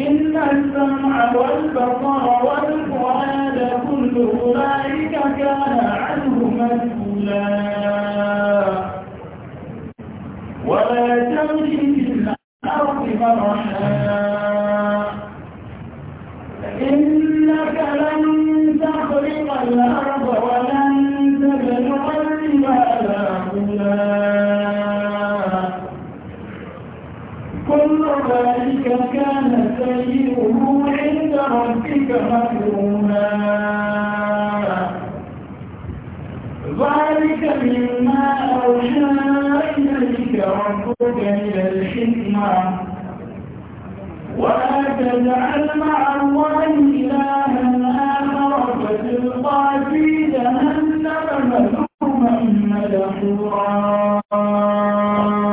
إن السمع والبصر والفؤاد كل أولئك كان عنه مسؤولا ولا تمشي في الأرض مرحا ذلك كان سيئه عند ربك مكروما ذلك مما أوحى إليك ربك من الحكمة ولا تجعل مع الله إلها آخر فتلقى في جهنم مذموما مدحورا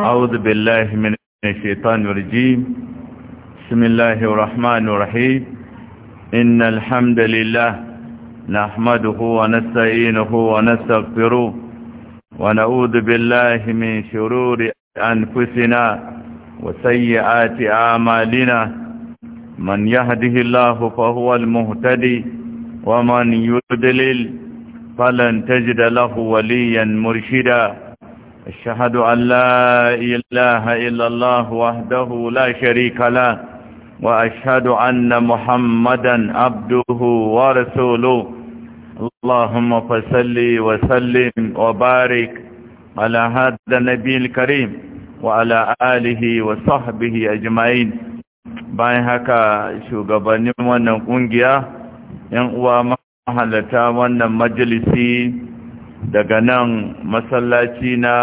أعوذ بالله من الشيطان الرجيم بسم الله الرحمن الرحيم إن الحمد لله نحمده ونستعينه ونستغفره ونعوذ بالله من شرور أنفسنا وسيئات أعمالنا من يهده الله فهو المهتدي ومن يدلل فلن تجد له وليا مرشدا أشهد أن لا إله إلا الله وحده لا شريك له وأشهد أن محمدا عبده ورسوله اللهم فصل وسلم وبارك على هذا النبي الكريم وعلى آله وصحبه أجمعين bayan haka shugabannin wannan kungiya yan uwa mahalarta wannan majalisi daga nan masallaci na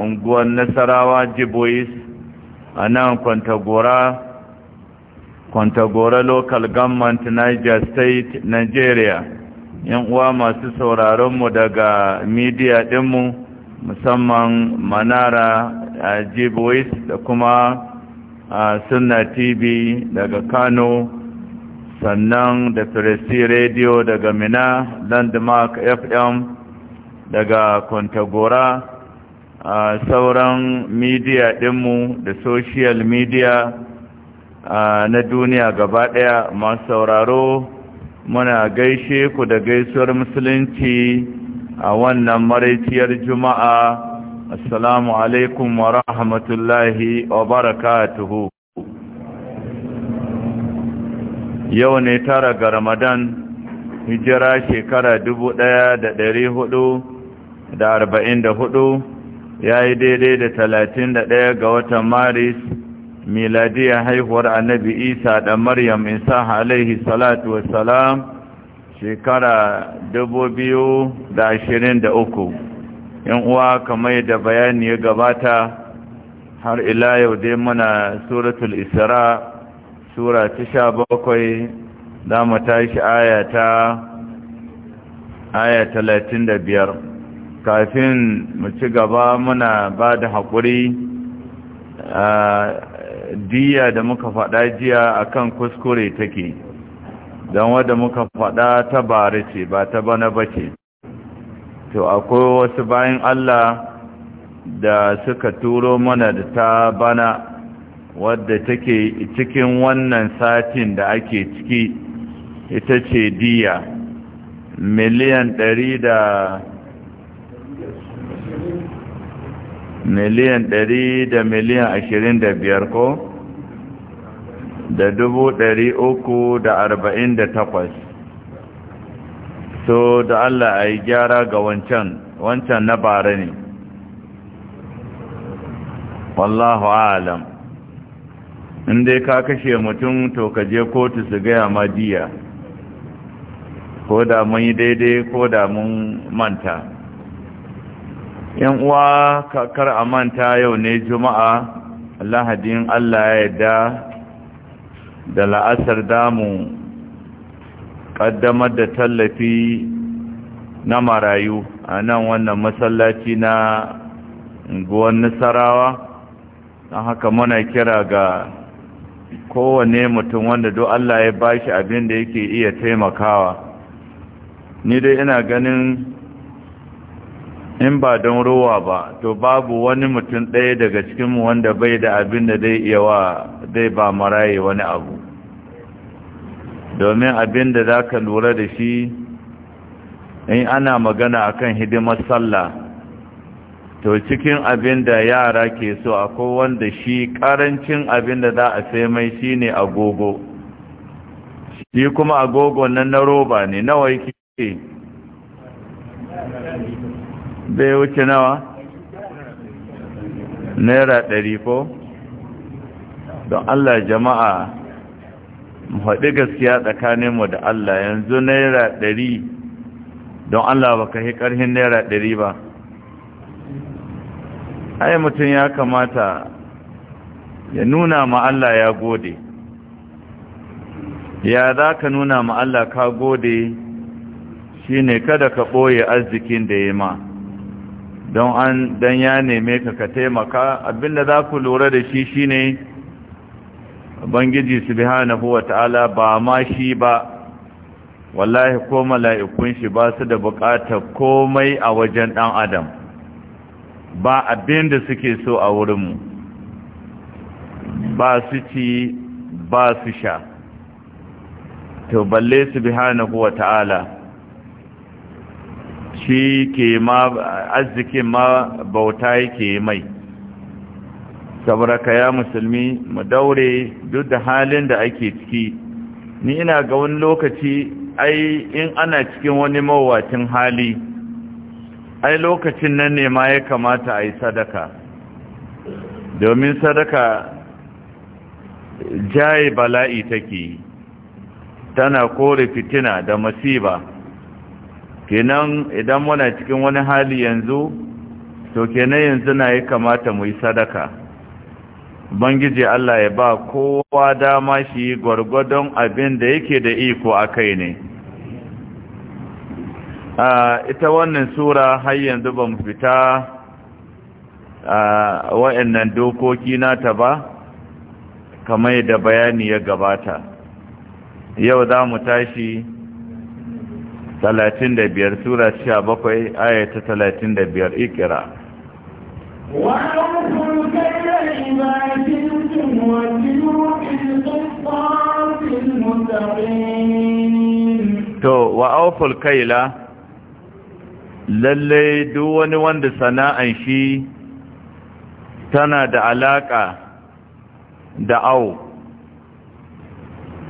unguwar nasarawa jibois a nan kwantagora kwantagora local government niger state nigeria yan uwa masu sauraronmu daga media dinmu musamman manara a jibois da kuma a sunna tv daga kano sannan da firesi radio daga mina landmark fm daga kwantagora a sauran midiya ɗinmu da social media na duniya gaba ɗaya masu sauraro muna gaishe ku da gaisuwar musulunci a wannan maraiciyar juma'a assalamu alaikum wa rahmatullahi wa barakatuhu yau ne tara ga ramadan hijira shekara dubu ɗaya da ɗari hudu da arba'in da hudu ya yi daidai da talatin da ɗaya ga watan maris miladiya haihuwar annabi isa da maryam isa alaihi salatu wassalam shekara dubu biyu da ashirin da uku in uwa kamar da bayani ya gabata har ila yau dai muna suratul isra sura ta sha bakwai za mu tashi aya ta aya talatin da biyar kafin mu ci gaba muna ba da haƙuri diya da muka faɗa jiya akan kuskure take don wadda muka faɗa ta bari ce ba ta bana ba ce to akwai wasu bayan Allah da suka turo mana da ta bana wadda take cikin wannan satin da ake ciki ita ce diya miliyan ɗari da miliyan ɗari da miliyan ashirin da biyar ko da dubu ɗari uku da arba'in da takwas so da Allah a yi gyara ga wancan wancan na bara ne wallahu alam in dai ka kashe mutum to ka je kotu su gaya ma jiya. ko da mun yi daidai ko da mun manta yan uwa kakar a manta yau ne juma'a lahadin Allah ya yarda da la'asar damu ƙaddamar da tallafi na marayu a nan wannan masallaci na guwan nasarawa don haka muna kira ga kowane mutum wanda duk Allah ya bashi abin da yake iya taimakawa ni dai ina ganin in ba don rowa ba to babu wani mutum ɗaya daga cikinmu wanda bai da abin da zai iya wa zai ba maraye wani abu domin abin da za ka lura da shi in ana magana akan hidimar sallah to cikin abin da yara ke so akwai wanda shi karancin abin da za a sai mai shi ne agogo shi kuma agogo nan na roba ne nawa yake Zai wuce nawa naira ɗari ko don allah jama'a mu haɗi gaskiya tsakaninmu da allah yanzu naira ɗari don allah ba ka yi ƙarhin naira ɗari ba ai mutum ya kamata ya nuna ma allah ya gode ya za ka nuna ma Allah ka gode shi ne kada ka ɓoye arzikin da ya ma don an dan ya neme ka ka taimaka abinda za ku lura da shi shi ne bangiji su huwa ta'ala. ba ma shi ba wallahi ko mala'ikun shi ba su da buƙatar komai a wajen ɗan adam ba abinda suke so a wurinmu ba su ci ba su sha to balle huwa ta'ala. shi ke ma arzikin ma bauta yake mai saboda ya musulmi mu daure duk da halin da ake ciki ni ina ga wani lokaci ai in ana cikin wani mawacin hali ai lokacin nan ne ma ya kamata a yi sadaka domin sadaka jaye bala'i take tana kore fitina da masiba kenan idan muna cikin wani hali yanzu to kenan yanzu na yi kamata mu yi sadaka bangije Allah ya ba kowa dama shi gwargwadon abin da yake da iko a kai ne ita wannan sura har yanzu ba mu fita wa'annan dokoki nata ba kamar da bayani ya gabata yau za mu tashi talatin da biyar sura sha bakwai aya ta talatin da biyar ikira to wa awful kaila lallai duk wani wanda sana'an shi tana da alaka da au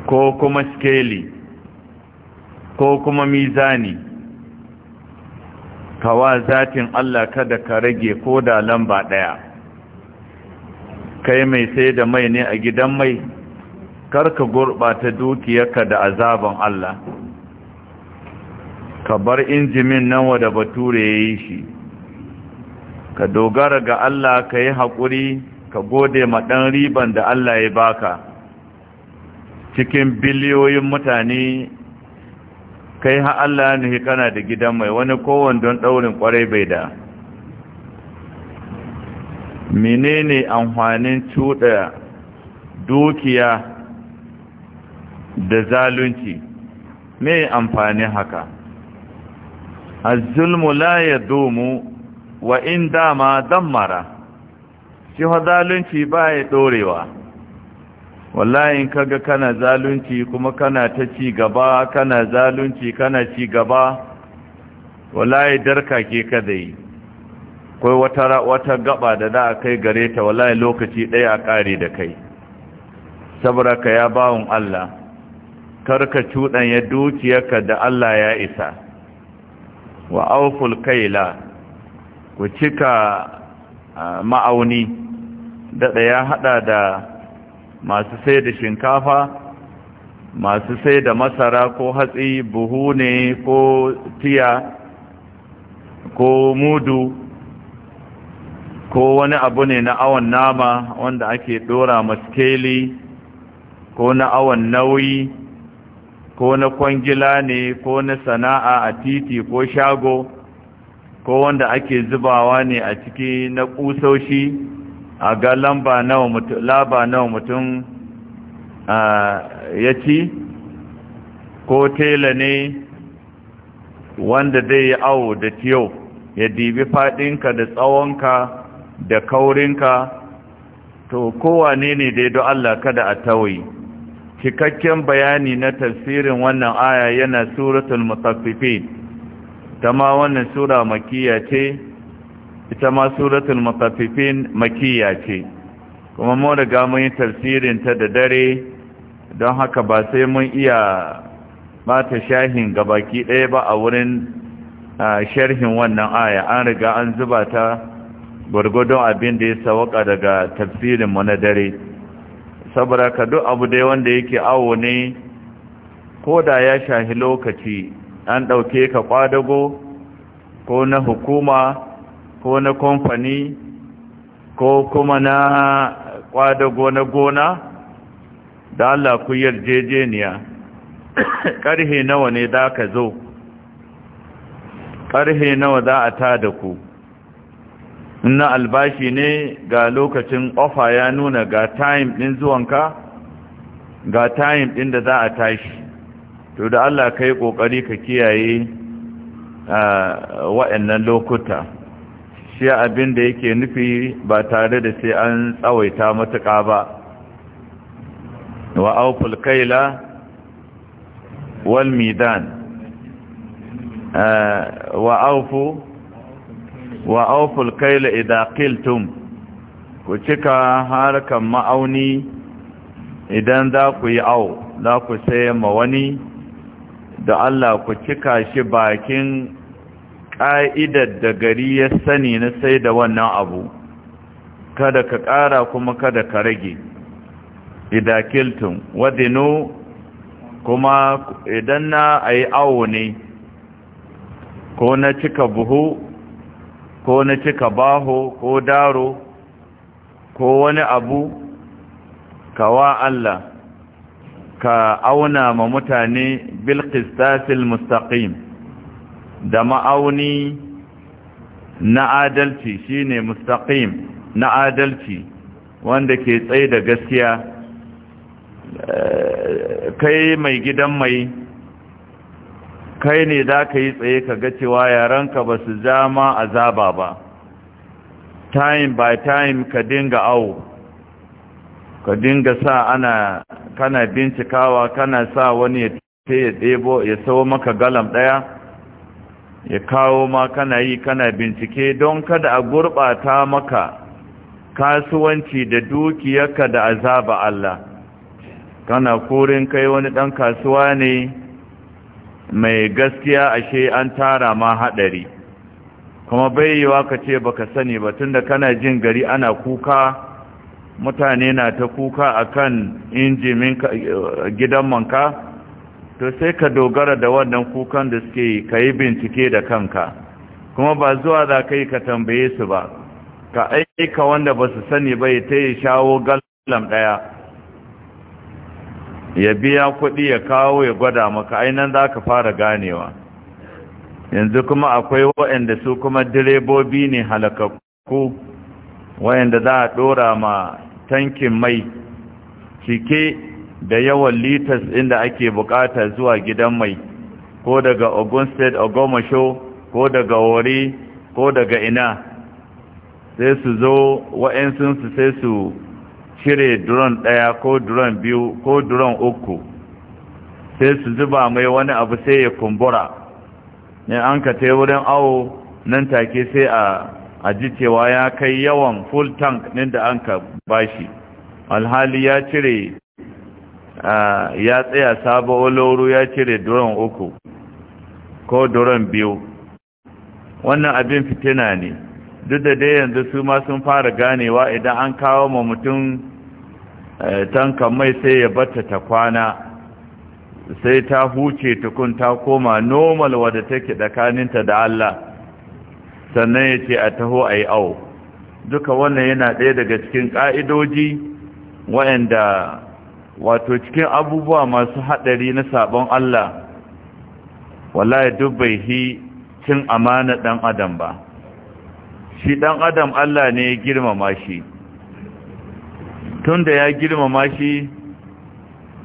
ko kuma skeli ko kuma mizani kawa zatin Allah kada ka rage ko da lamba ɗaya kai mai sai da mai ne a gidan mai karka gurɓata dukiyarka da azaban Allah ka bar injimin nan wada bature ya yi shi ka dogara ga Allah ka yi haƙuri ka gode ma ɗan riban da Allah ya baka cikin biliyoyin mutane kai ha Allah ne kana da gidan mai wani kowanne don daurin kwarai bai da menene amfanin cuɗa dukiya da zalunci me amfanin haka az-zulmu la yadumu wa in dama dammara shi zalunci ba ya dorewa wallahi kaga kana zalunci kuma kana ta ci gaba kana zalunci kana ci gaba wallahi darka ke kada yi kai wata wata gaba da za a kai gare ta wallahi lokaci ɗaya a ƙare da kai saboda ka ya bawon Allah Kar ka karka ya dukiyarka da Allah ya isa wa auful kaila ku cika ah, ma'auni da ya hada da masu sai da shinkafa masu sai da masara ko hatsi buhu ne ko tiya ko mudu ko wani abu ne na awon nama wanda ake dora maskeli ko na awon nauyi ko na kwangila ne ko na sana'a a titi ko shago ko wanda ake zubawa ne a ciki na kusoshi a ga lamba nawa mutum laba nawa mutum ya ci ko tela ne wanda zai yi awo da tiyo ya dibi faɗinka da tsawonka da kaurinka to kowa ne dai don Allah kada a tawai cikakken bayani na tafsirin wannan aya yana suratul mutaffifin ta wannan sura makiya ce ita ma suratul mutaffifin makiyya ce kuma mu riga mun yi tafsirin ta da dare don haka ba sai mun iya bata shahin gabaki ɗaya ba a wurin sharhin wannan aya an riga an zuba ta gwargwadon abin da ya sawaka daga tafsirin mu na dare saboda ka duk abu dai wanda yake awo ne ko da ya shahi lokaci an ɗauke ka kwadago ko na hukuma ko na kamfani ko kuma na kwada gona gona da Allah ku yarjejeniya ƙarhe nawa ne da ka zo ƙarhe nawa za a ta da ku Ina albashi ne ga lokacin ofa ya nuna ga time ɗin zuwanka ga time ɗin da za a tashi to da Allah ka yi ƙoƙari ka kiyaye a ah, wa'annan lokuta shi abin da yake nufi ba tare da sai an tsawaita matuƙa ba wa auful kaila wal midan eh, wa aufu wa auful kaila idza qiltum ku cika harkan ma'auni idan za ku yi au za ku sayar ma wani da Allah ku cika shi bakin ƙa'idar da gari ya sani na sai da wannan abu kada ka ƙara kuma kada ka rage idakiltun wadino kuma idan na a yi awo ne ko na cika buhu ko na cika baho ko daro ko wani abu kawa Allah ka auna ma mutane bilkistasil mustaqim da ma'auni na adalci shine mustaqim na adalci wanda ke tsaye da gaskiya eh, kai mai gidan mai kai ne za ka yi tsaye ka ga cewa yaranka ba su zama azaba ba time by time ka dinga awo ka dinga sa ana kana bincikawa kana sa wani ya ya ɗebo ya sawo maka galam ɗaya ya kawo ma kana yi kana bincike don kada a gurɓata maka kasuwanci da dukiyarka da azaba Allah kana kurin kai wani ɗan kasuwa ne mai gaskiya ashe an tara ma haɗari kuma bai wa ka ce ka sani ba tunda kana jin gari ana kuka mutane na ta kuka akan injimin gidan manka to sai ka dogara da wannan kukan da suke yi ka yi bincike da kanka kuma ba zuwa za ka yi ka tambaye su ba ka aika wanda ba su sani ba ya ta shawo galam ɗaya ya biya kuɗi ya kawo ya gwada maka ainihin za ka fara ganewa yanzu kuma akwai waɗanda su kuma direbobi ne halakakku waɗanda za a ɗora ma tankin mai cike da yawan litas inda ake bukata zuwa gidan mai ko daga ogun state ogomasho ko daga wari ko daga ina sai su zo su sai su cire duron ɗaya ko duron biyu ko duron uku sai su zuba mai wani abu sai ya kumbura ne an ka te wurin awo nan take sai a ji cewa ya kai yawan full tank ɗin da an ka bashi alhali ya cire ya tsaya sabo oloru ya cire duron uku ko duron biyu wannan abin fitina ne duk da dai yanzu su ma sun fara ganewa idan an kawo ma mutum e, tanka mai sai ya bata ta kwana sai ta huce tukun ta koma normal wadda take tsakaninta da Allah sannan ya ce a taho a yi awo duka wannan yana ɗaya daga cikin ƙa'idoji waɗanda wato cikin abubuwa masu haɗari na sabon Allah wallahi duk bai hi cin amana ɗan adam ba shi ɗan adam Allah ne ya girmama shi tunda ya girmama shi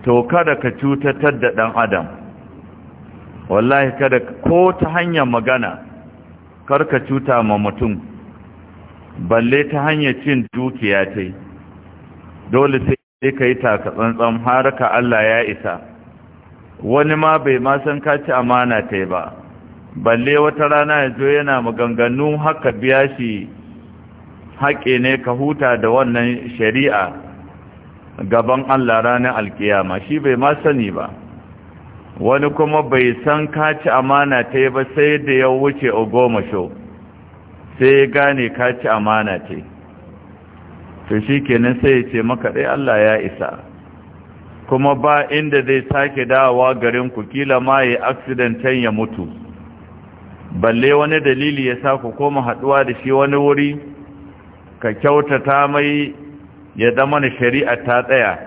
to kada ka cutatar da ɗan adam wallahi kada ko ta hanyar magana kar ka cuta ma mutum balle ta hanyar cin dukiya ta dole sai sai ka yi tsantsan har ka Allah ya isa wani ma bai ma san ka ci amana ta ba balle wata rana ya zo yana maganganu haka biya shi haƙe ne ka huta da wannan shari'a gaban Allah ranar alkiyama shi bai ma sani ba wani kuma bai san ka ci amana ta ba sai da ya wuce ogomasho sai ya gane ka ci amana ta to shi kenan sai ya ce maka ɗai Allah ya isa kuma ba inda zai sake dawowa garin ku kila ma yi aksidantan ya mutu balle wani dalili ya sa ku koma haɗuwa da shi wani wuri ka kyautata mai ya zama na shari'a ta tsaya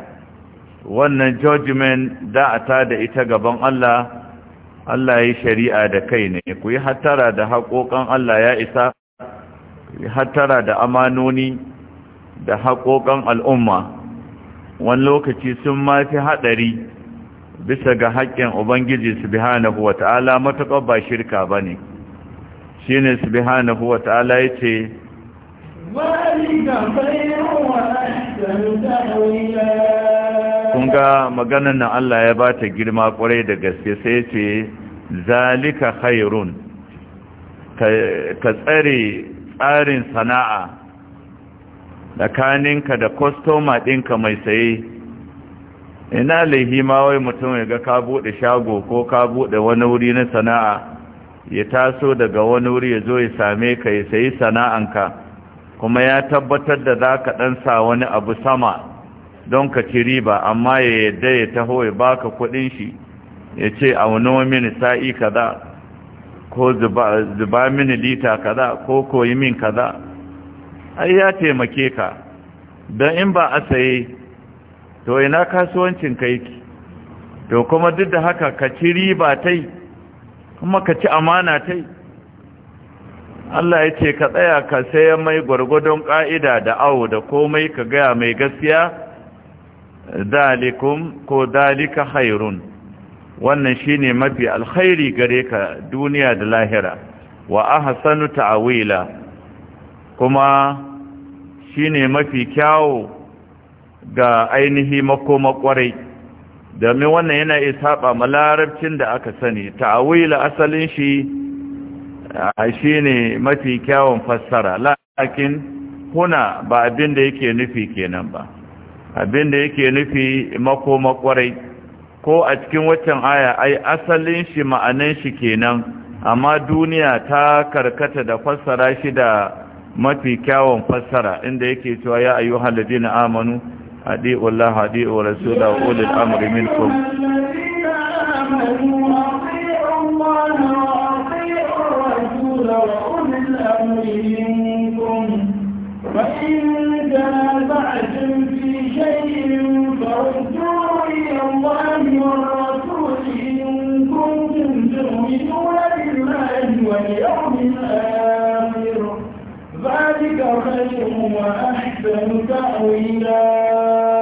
wannan judgment da ta da ita gaban Allah Allah ya shari'a da kai ne ku yi hattara da haƙoƙan Allah ya isa ku yi hattara da amanoni da haƙoƙan al'umma wani lokaci sun ma fi haɗari bisa ga haƙƙin ubangiji subhanahu wa ta'ala matuƙar ba shirka ba ne shi ne subhanahu wa ta'ala ya ce kun maganan nan Allah ya ba ta girma ƙwarai da gaske sai ce zalika khairun ka tsare tsarin sana'a tsakaninka da kwastoma ɗinka mai saye ina ma wai mutum ya ga ka buɗe shago ko ka buɗe wani wuri na sana'a ya taso daga wani wuri ya zo ya same ka ya sayi sana'anka kuma ya tabbatar da za ka ɗansa wani abu sama don ka ci riba amma ya yadda ya taho ya baka kuɗin shi ya ce a wani mini sa'i kaza ko zuba mini lita kaza ko koyi min kaza ai ya taimake ka don in ba a saye to ina kasuwancin ka yake to kuma duk da haka ka ci riba tai kuma ka ci amana tai Allah ya ce ka tsaya ka saya mai gwargwadon ƙa'ida da awo da komai ka gaya mai gaskiya dalikum ko dalika hairun wannan shine mafi alkhairi gare ka duniya da lahira wa ahsanu ta'wila kuma shi ne mafi kyawo ga ainihi makoma kwarai domin wannan yana iya saba malarabcin da aka sani ta'awila asalin shi shi ne mafi kyawun fassara lakin huna ba abin da yake nufi kenan ba abin da yake nufi makoma kwarai ko a cikin waccan aya ai asalin shi ma'anan shi kenan amma duniya ta karkata da fassara shi da mafi kyawun fassara inda yake cewa ya ayyuhal ladina amanu adi'u Allah adi'u rasulahu ulil amri minkum فإن الآخر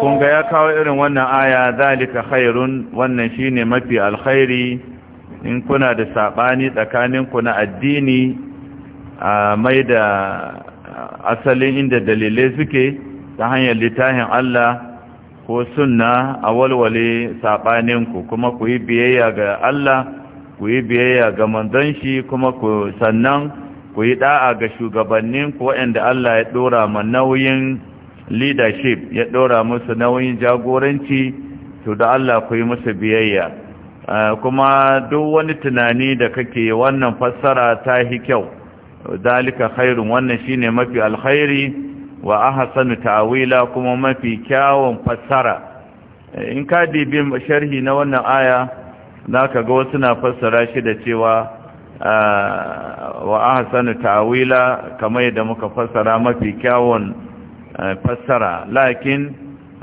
kun ga ya kawo irin wannan aya zalika khairun wannan shine mafi alkhairi in kuna da sabani tsakaninku na addini a mai da asalin inda dalilai suke ta hanyar littafin Allah ko sunna a walwale ku kuma ku yi biyayya ga Allah ku yi biyayya ga manzon shi kuma ku sannan ku yi da'a ga shugabannin ku waɗanda Allah ya ɗora ma nauyin leadership ya ɗora musu nauyin jagoranci to da Allah ku yi musu biyayya kuma duk wani tunani da kake wannan fassara ta hi kyau dalika khairun wannan shine mafi alkhairi wa ahsanu ta'wila kuma mafi kyawun fassara in ka dibi sharhi na wannan aya naka ga wasu na fassara shi da cewa wa ahsanu ta'wila kamar da muka fassara mafi kyawun fassara lakin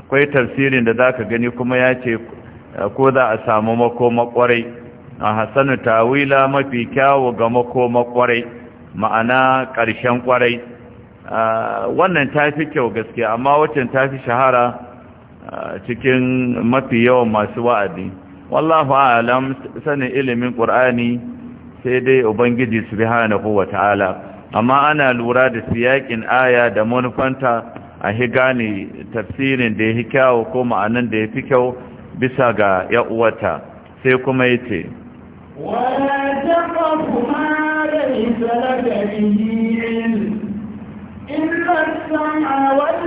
akwai tafsirin da zaka gani kuma yace ko za a samu mako kwarai ahsanu ta'wila mafi kyawu ga mako kwarai ma'ana ƙarshen kwarai wannan tafi kyau gaskiya amma ta tafi shahara cikin mafi yawan masu wa'adi wallahu a'lam sanin ilimin qur'ani sai dai ubangiji subhanahu ta'ala amma ana lura da siyakin aya da manufanta a higane tafsirin da ya fi kyau ko ma'anan da ya fi kyau bisa ga ya sai kuma yace ce.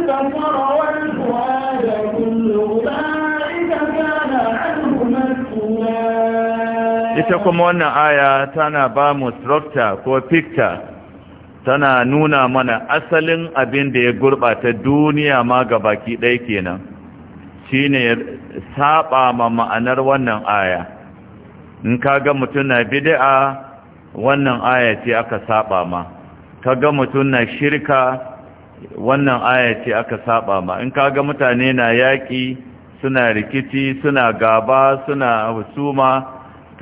taqfu ita kuma wannan aya tana ba mu structure ko picture tana nuna mana asalin abin da ya gurɓata duniya ma ga baki ɗaya kenan shi shine saba ma ma'anar wannan aya in ka ga mutum na bid'a wannan aya ce aka saba ma ka ga mutum na shirka wannan aya ce aka saba ma in ka ga mutane na yaƙi suna rikici suna gaba suna husuma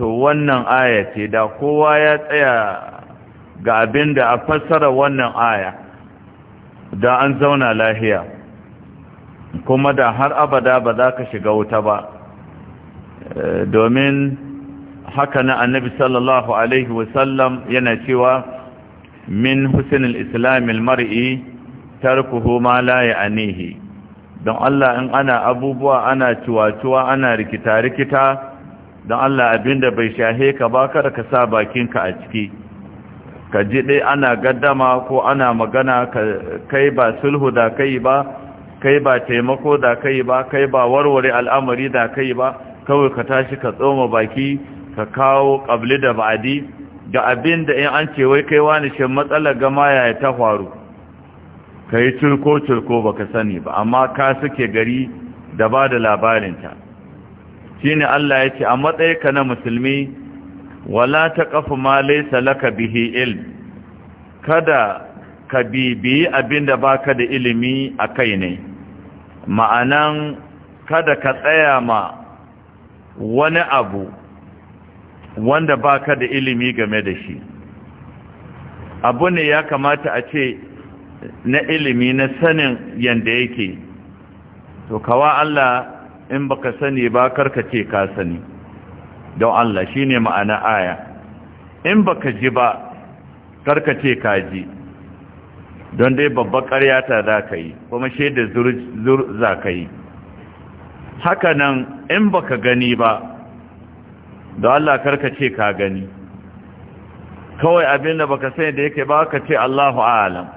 to wannan aya ce da kowa ya tsaya ga abin da a fassara wannan aya da an zauna lahiya kuma da har abada ba za ka shiga wuta ba eh, domin haka na annabi sallallahu alaihi wasallam yana cewa min husnul islamil mar'i tarkuhu ma la ya'nihi don Allah in ana abubuwa ana cuwacuwa, ana rikita rikita don Allah abinda bai shahe ka ba kada ka sa bakinka a ciki ka ji dai ana gaddama ko ana magana kai ba sulhu da kai ba kai ba taimako da kai ba kai ba warware al'amari da kai ba kawai ka tashi ka tsoma baki ka kawo kabli da ba'adi da abinda in an ce wai kai wani shi matsalar gama ya ta faru ka yi curko-curko ba sani ba amma ka suke gari da ba da labarinta shine Allah ya ce a ka na musulmi wala kafa ma laysa laka bihi ilm kada ka bibiyi abinda baka da ilimi a kai ne ma'anan kada ka tsaya ma wani abu wanda baka da ilimi game da shi abu ne ya kamata a ce na ilimi na sanin yanda yake to kawa Allah in baka sani ba ka ce ka sani don Allah shine ma'ana aya in baka ji ba ka ce ka ji don dai babba ta za ka yi kuma shaida zur za ka yi haka nan in baka gani ba don Allah ka ce ka gani kawai abin da baka sani da yake ba ka ce Allahu alam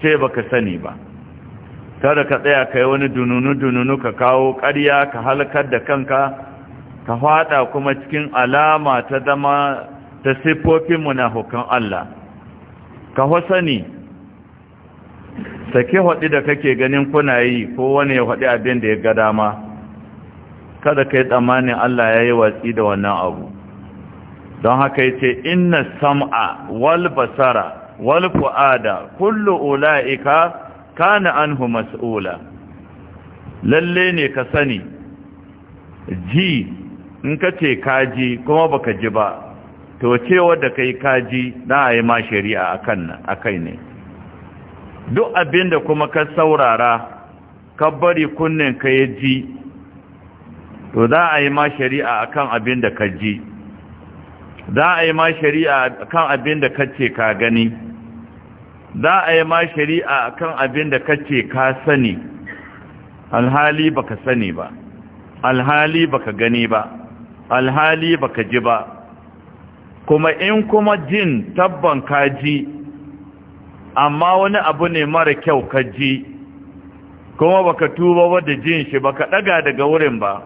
ce baka sani ba kada ka tsaya ka yi wani dununu-dununu ka kawo ƙarya ka halakar da kanka ka fada kuma cikin alama ta zama ta siffofin munafukan Allah ka sani sake haɗi da kake ganin kuna yi ko wani ya haɗi abin da ya ga dama kada ka yi tsammanin Allah ya yi watsi da wannan abu don haka ya ce inna sam'a wal basara wal fu'ada kullu ula'ika kana anhu mas'ula lalle ne ka sani ji in ka ce kaji kuma baka ji ba to cewa da kai kaji na a yi ma shari'a nan akai ne duk abinda kuma ka saurara ka bari kunnen ka ya ji to za a yi ma shari'a akan abin ka ji za a yi ma shari'a akan abinda da ka ce ka gani za a yi ma shari'a akan abin da kace ka sani alhali baka sani ba alhali baka gani ba alhali baka ji ba kuma in kuma jin tabban kaji amma wani abu ne mara kyau ka ji. kuma baka tuba wadda jin shi ba ka ɗaga daga wurin ba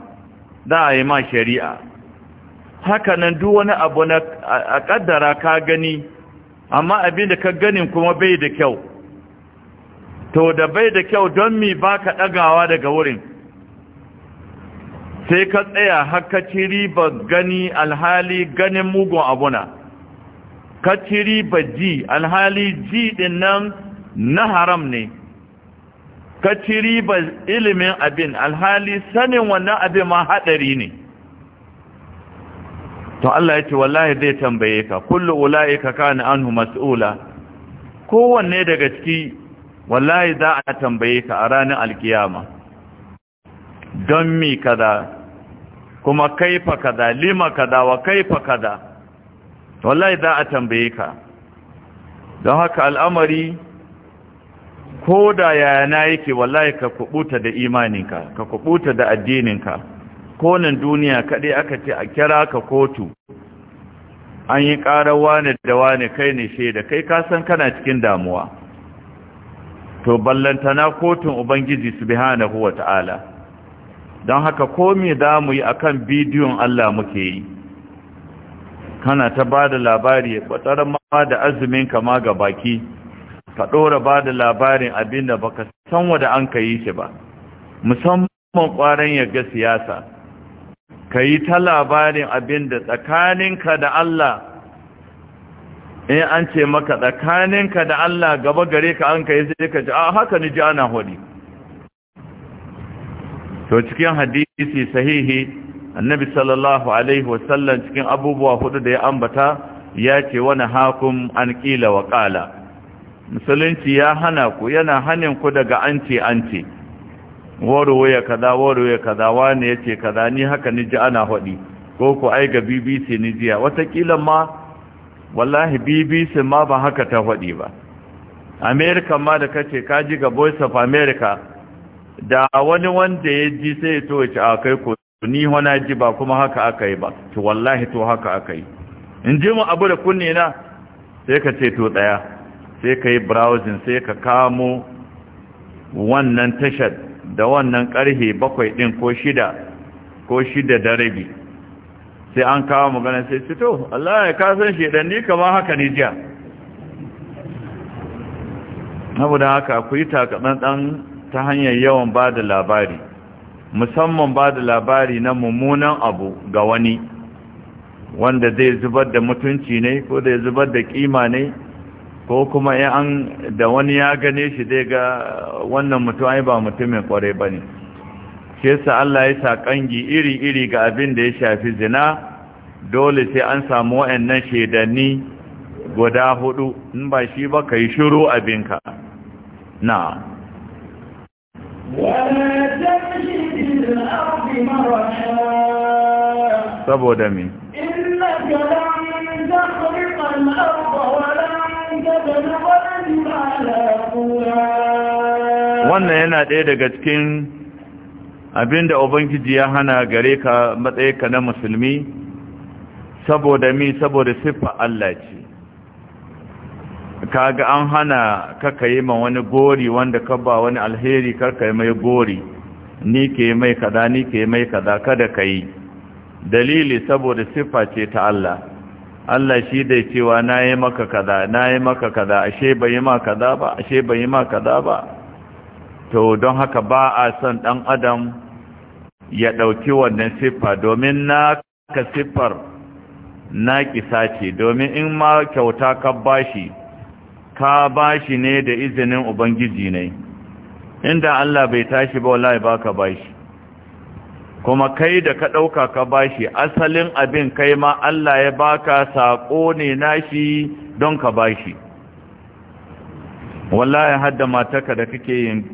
da a yi ma shari'a hakanan duk wani abu na a kaddara ka gani amma abin da ka ganin kuma bai da kyau to da bai da kyau don mi ba ka ɗagawa daga wurin sai ka tsaya haka ciri ba gani alhali ganin mugun abuna ka ciri ba ji alhali ji din nan na haram ne ka ciri ba ilimin abin alhali sanin wannan abin ma haɗari ne to Allah ya ce wallahi zai tambaye ka kullu ula'ika kana anhu mas'ula kowanne daga ciki wallahi za a tambaye ka a ranar alkiyama don mi kada kuma kaifa kada lima kada wa kaifa kada wallahi za a tambaye ka don haka al'amari ko da yana yake wallahi ka kubuta da imaninka ka kubuta da addininka konan duniya kaɗai aka ce a kira ka kotu an yi ƙarar wane da wane kai ne shaida kai kasan kana cikin damuwa to ballantana kotun ubangiji su bi subhanahu wa ta'ala don haka komi za mu yi a kan bidiyon Allah muke yi kana ta ba da labari tsarar ma da azumin kama ga baki ka ɗora ba da labarin abinda da ka san wada an ka yi shi ba musamman ƙwaron yaga siyasa ka yi ta labarin abin da tsakaninka da Allah in an ce maka tsakaninka da Allah gaba gare ka an ka yi zai ka ji a ah, haka ni ji ana hori to cikin hadisi sahihi annabi sallallahu alaihi wasallam cikin abubuwa hudu da ya ambata ya ce wani hakun an kila wa kala musulunci ya hana ku yana hanin ku daga an ce an ce waro ya kaza waro ya kaza wani ya ce kaza ni haka ni ji ana haɗi ko ku ai ga bbc ni jiya watakila ma wallahi bbc ma ba haka ta haɗi ba america ma da kace ka ji ga voice of america da wani wanda ya ji sai to ya ce a kai ko ni hona ji ba kuma haka aka yi ba to wallahi to haka aka yi in ji mu abu da kunne na sai ka ce to ɗaya sai ka yi browsing sai ka kamo wannan tashar da wannan ƙarhe bakwai ɗin ko shida ko shida da rabi sai an kawo magana sai fito Allah ya kasan shedanni kamar haka ne jiya saboda haka ku yi takaɗanɗan ta hanyar yawan ba da labari musamman ba da labari na mummunan abu ga wani wanda zai zubar da mutunci ne ko zai zubar da kima ne ko kuma an da wani ya gane shi dai ga wannan mutum ai ba mutumin kware ba ne ke yasa Allah ya saƙangi iri-iri ga abin da ya shafi zina dole sai an samu wa'annan shaidanni guda hudu in ba shi ba ka yi shiru abinka na saboda me wannan yana ɗaya daga cikin abin da ubangiji ya hana gare ka matsayinka na musulmi saboda mi saboda siffa Allah ce kaga an hana kaka yi ma wani gori wanda ka ba wani alheri karka yi mai gori ni ke mai kada ni ke mai kada kada ka yi dalili saboda siffa ce ta Allah Allah shi da cewa na yi maka kaza na yi maka kaza ashe bai yi ma kaza ba ashe bai yi ma kaza ba to don haka ba a son ɗan adam ya ɗauki wannan siffa domin na ka siffar na kisa ce domin in ma kyauta ka bashi ka bashi ne da izinin ubangiji ne inda Allah bai tashi ba wallahi baka bashi kuma kai da ka ɗauka ka bashi asalin abin kai ma Allah ya baka saƙo ne nashi don ka bashi wallahi hadda mataka da kake yin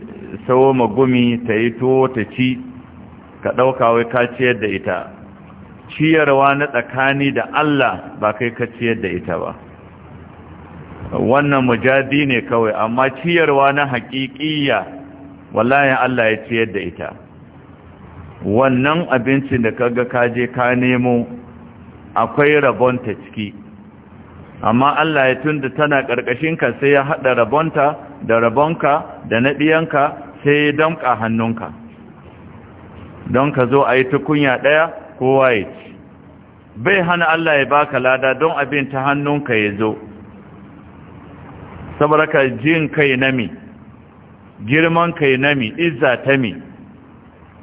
sawo magumi ta yi to ta ci ka ɗauka wai ka ciyar da ita ciyarwa na tsakani da Allah ba kai ka ciyar da ita ba wannan mujadi ne kawai amma ciyarwa na haƙiƙiyya wallahi Allah ya ciyar da ita wannan abincin da kaga kaje ka nemo akwai rabonta ciki amma Allah ya tunda tana ka sai ya haɗa rabonta da rabonka da naɗiyanka sai ya damƙa hannunka don ka zo a yi tukunya ɗaya kowa ya ci bai hana Allah ya baka lada don abin ta hannunka ya zo saboda ka jin kai nami girman kai nami izza ta mi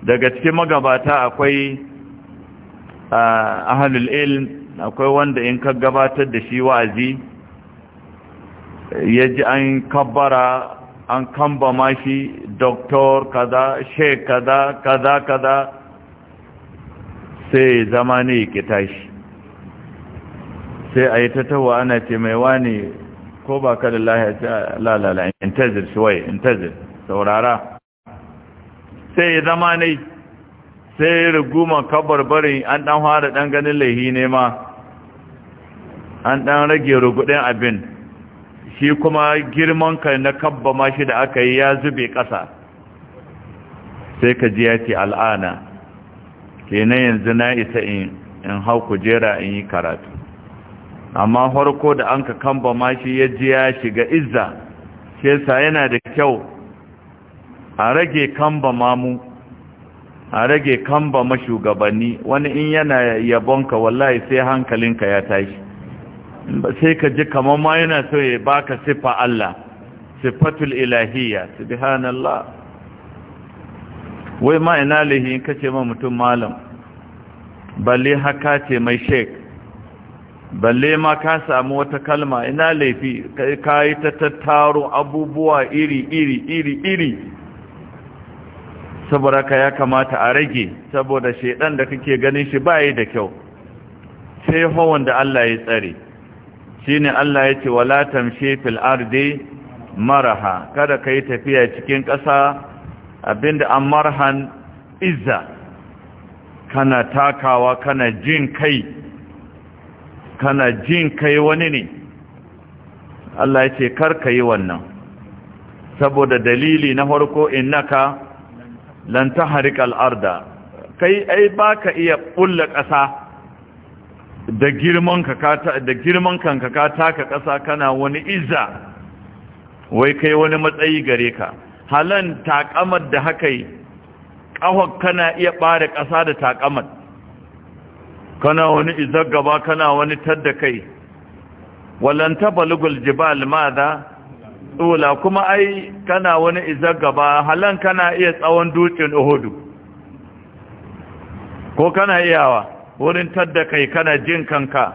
daga cikin magabata akwai halil ilm akwai wanda in ka gabatar da shi wa'azi ya ji an kabbara an kamba shi doktor kaza sheik kaza kaza kaza sai zama ne kita tashi sai a yi ta ana ce mai wani ko ba ka da ce lalala intazir shi wai intazir saurara sai ya zama ne sai ya riguma kabarbarin an ɗan fara ɗan ganin laihi ne ma an ɗan rage rugudin abin shi kuma girman ka na kabba ma shi da aka yi ya zube ƙasa sai ka ji ya ce al'ana kenan yanzu na isa in hau kujera in yi karatu amma farko da an ka kamba ma shi ya ji ya shiga izza shi yasa yana da kyau a rage kamba mamu a rage kamba mashugabanni wani in yana yabonka wallahi sai hankalinka ya tashi sai ka ji kamar ma yana so ya baka siffa Allah sifatul ilahiyya subhanallah wai ma ina in kace ma mutum malam balle haka ce mai sheik balle ma ka samu wata kalma ina laifi ka yi ta tattaro abubuwa iri iri iri iri saboda ka ya kamata a rage saboda shaidan da kake ganin shi baya da kyau sai hawan da Allah ya tsare shine Allah ya ce wala tamshi fil ardi maraha kada kai tafiya cikin ƙasa abinda an marhan izza kana takawa kana jin kai kana jin kai wani ne Allah ya ce kar yi wannan saboda dalili na farko innaka lan tahrik arda kai ai baka iya bulla ƙasa da girman ka ka kanka ka taka ƙasa kana wani izza wai kai wani matsayi gare ka halan takamar da haka yi ƙahon kana iya ɓare ƙasa da takamar kana wani izar gaba kana wani tadda kai walanta balugul jibal ma tsola kuma ai kana wani izar gaba halan kana iya tsawon dutsen uhudu ko kana iyawa wurin tadda kai kana jin kanka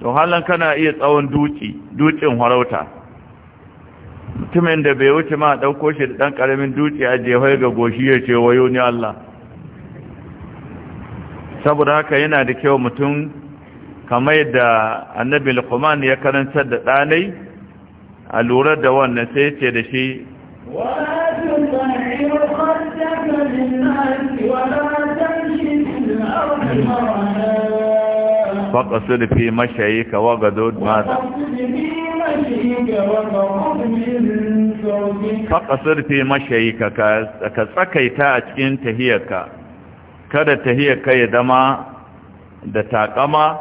to halan kana iya tsawon duci dutsen harauta mutumin da bai wuce ma ɗauko shi da ɗan ƙaramin dutse a jehoi ga goshi ya ce wayo ni Allah saboda haka yana da kyau mutum kamar da annabi lukman ya karantar da ɗanai a lura da wannan sai ce da shi faƙasir fi mashayi ka waga zod mata faƙasir fi mashayi ka ka tsakaita a cikin tahiyarka kada tahiyarka ya zama da taƙama